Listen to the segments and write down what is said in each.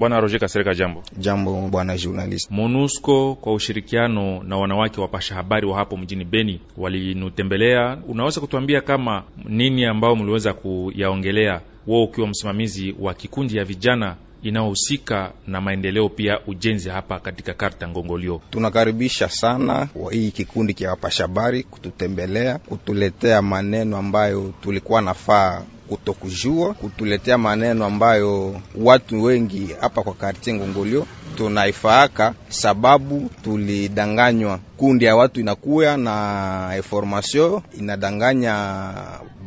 Bwana Roger Kasereka, jambo. Jambo bwana journalist. MONUSCO kwa ushirikiano na wanawake wapasha habari wa hapo mjini Beni walinutembelea. Unaweza kutuambia kama nini ambao mliweza kuyaongelea, wao ukiwa msimamizi wa kikundi ya vijana inayohusika na maendeleo pia ujenzi hapa katika karta Ngongolio. Tunakaribisha sana wa hii kikundi kya wapashabari kututembelea, kutuletea maneno ambayo tulikuwa nafaa kutokujua, kutuletea maneno ambayo watu wengi hapa kwa kartie Ngongolio tunaifaaka sababu tulidanganywa. Kundi ya watu inakuya na information inadanganya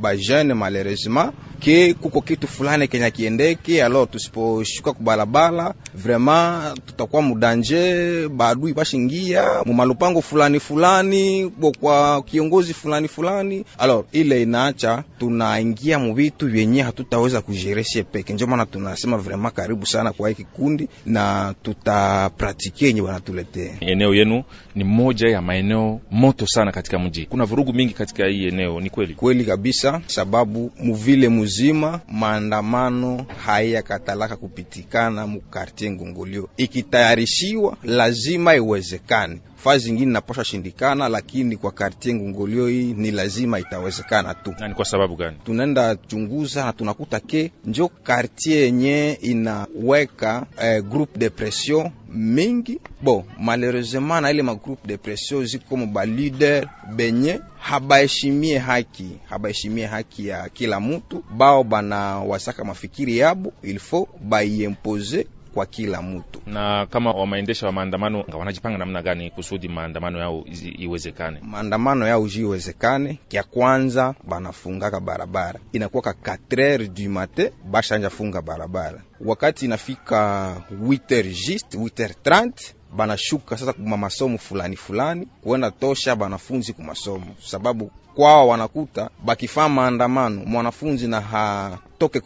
bajene malheureusement ke kuko kitu fulani kenya kiendeke. alo tusiposhuka kubalabala, vraiment tutakuwa mudanje, baadui bashingia mumalupango fulani fulani kwa kiongozi fulani fulani. Alors ile inaacha tunaingia muvitu vyenye hatutaweza kujereshe peke. Ndio maana tunasema vraiment karibu sana kwa hiki kundi na tutapratikie yenye wanatuletea. Eneo yenu ni moja ya maeneo moto sana katika mji, kuna vurugu mingi katika hii eneo, ni kweli kweli kabisa sababu muvile muzima maandamano hayakatalaka kupitikana mukartie Ngongolio. Ikitayarishiwa lazima iwezekane fazi zingine naposha shindikana, lakini kwa kartie Ngongolio hii ni lazima itawezekana tu. Na ni kwa sababu gani? Tunaenda chunguza na tunakuta ke njo kartie yenye inaweka eh, groupe de pression mingi bo, malheureusement na ile magroupe de pression ziko mo ba leader benye habaheshimie haki, habaheshimie haki ya kila mtu, bao bana wasaka mafikiri yabo ilifo baiempose kwa kila mtu. Na kama wamaendesha wa maandamano wanajipanga namna gani kusudi maandamano yao iwezekane? Maandamano yao jiwezekane, ya kwanza banafungaka barabara, inakuwa ka 4h du matin bashanja funga barabara, wakati inafika 8h juste 8h 30 banashuka sasa kuma masomo fulani fulani kuenda tosha banafunzi kumasomo, sababu kwao wanakuta bakifaa maandamano mwanafunzi na ha batoke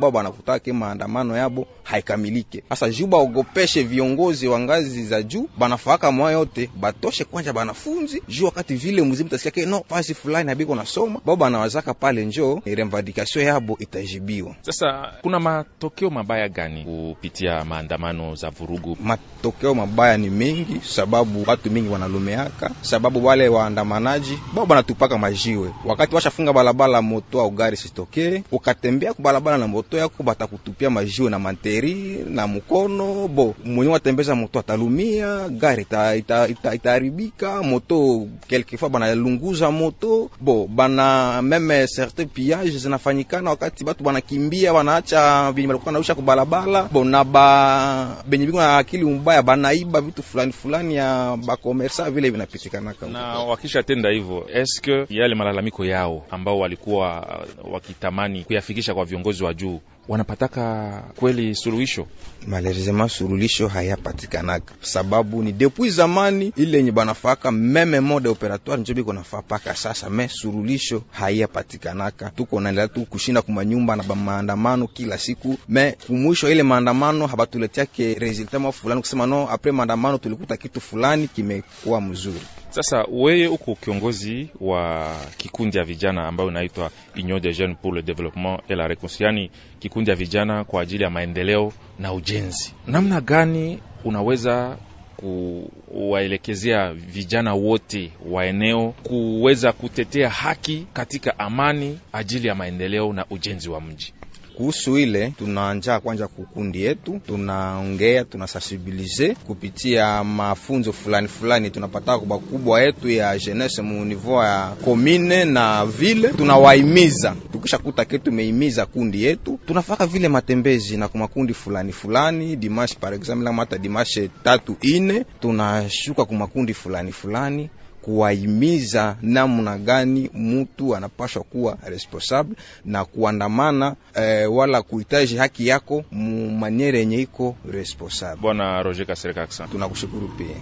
bao baba ke maandamano yabo haikamilike. Sasa juu baogopeshe viongozi wa ngazi za juu, banafaka mwa yote batoshe kwanja banafunzi juu wakati vile muzimu tasikia no fasi fulani nabiko nasoma bao banawazaka pale, njo revendication yabo itajibiwa. Sasa kuna matokeo mabaya gani kupitia maandamano za vurugu? Matokeo mabaya ni mengi, sababu watu mingi wanalumeaka, sababu wale waandamanaji bao banatupaka majiwe wakati washafunga balabala, moto au gari sitokee ukatembea batembea kubalabala na moto yako, batakutupia majio na manteri na mukono bo, mwenye watembeza moto atalumia, gari itaharibika, ita, ita moto kelkefua banalunguza moto bo, bana meme certain piage zinafanyikana wakati batu banakimbia, banaacha vinyi balikuwa nausha kubalabala bo, na ba benye biko na akili mbaya banaiba vitu fulani fulani ya bakomersa vile vinapitikanaka na wakisha tenda hivyo, eske yale malalamiko yao ambao walikuwa wakitamani kuyafikisha kujiridhisha kwa viongozi wa juu wanapataka kweli suluhisho. Malerizema suluhisho hayapatikanaka, sababu ni depuis zamani ile yenye banafaka meme mode operatoire njo biko nafaa paka sasa, me suluhisho hayapatikanaka. Tuko naendelea tu kushinda kumanyumba na maandamano kila siku, me kumwisho ile maandamano habatuletiake resultat mwa fulani, kusema no apres maandamano tulikuta kitu fulani kimekuwa mzuri. Sasa weye uko kiongozi wa kikundi ya vijana ambayo inaitwa Union des Jeunes pour le Développement et la Reconciliation, yani makundi ya vijana kwa ajili ya maendeleo na ujenzi. Namna gani unaweza kuwaelekezea vijana wote wa eneo kuweza kutetea haki katika amani ajili ya maendeleo na ujenzi wa mji? kuhusu ile tunaanja kwanja kukundi yetu, tunaongea tunasensibilize kupitia mafunzo fulani fulani tunapata kwa kubwa yetu ya jeunesse mu niveau ya komine na vile, tunawaimiza tukishakuta kitu meimiza kundi yetu, tunafaka vile matembezi na kumakundi fulani fulani, dimash par exemple, hata dimash tatu ine tunashuka kumakundi fulani fulani kuwahimiza namna gani mutu anapashwa kuwa responsable na kuandamana eh, wala kuhitaji haki yako mu maniere yenye iko responsable. Bwana Roger Kasereka, tunakushukuru pia.